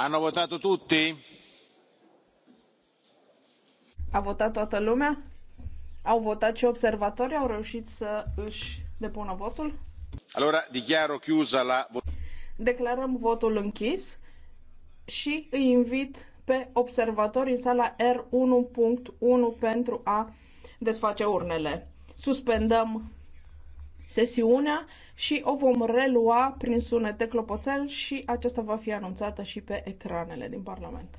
Hanno votato tutti? A votat toată lumea? Au votat și observatorii? Au reușit să își depună votul? Allora, dichiaro chiusa la Declarăm votul închis și îi invit pe observatori în sala R1.1 pentru a desface urnele. Suspendăm sesiunea și o vom relua prin sunete clopoțel și aceasta va fi anunțată și pe ecranele din Parlament.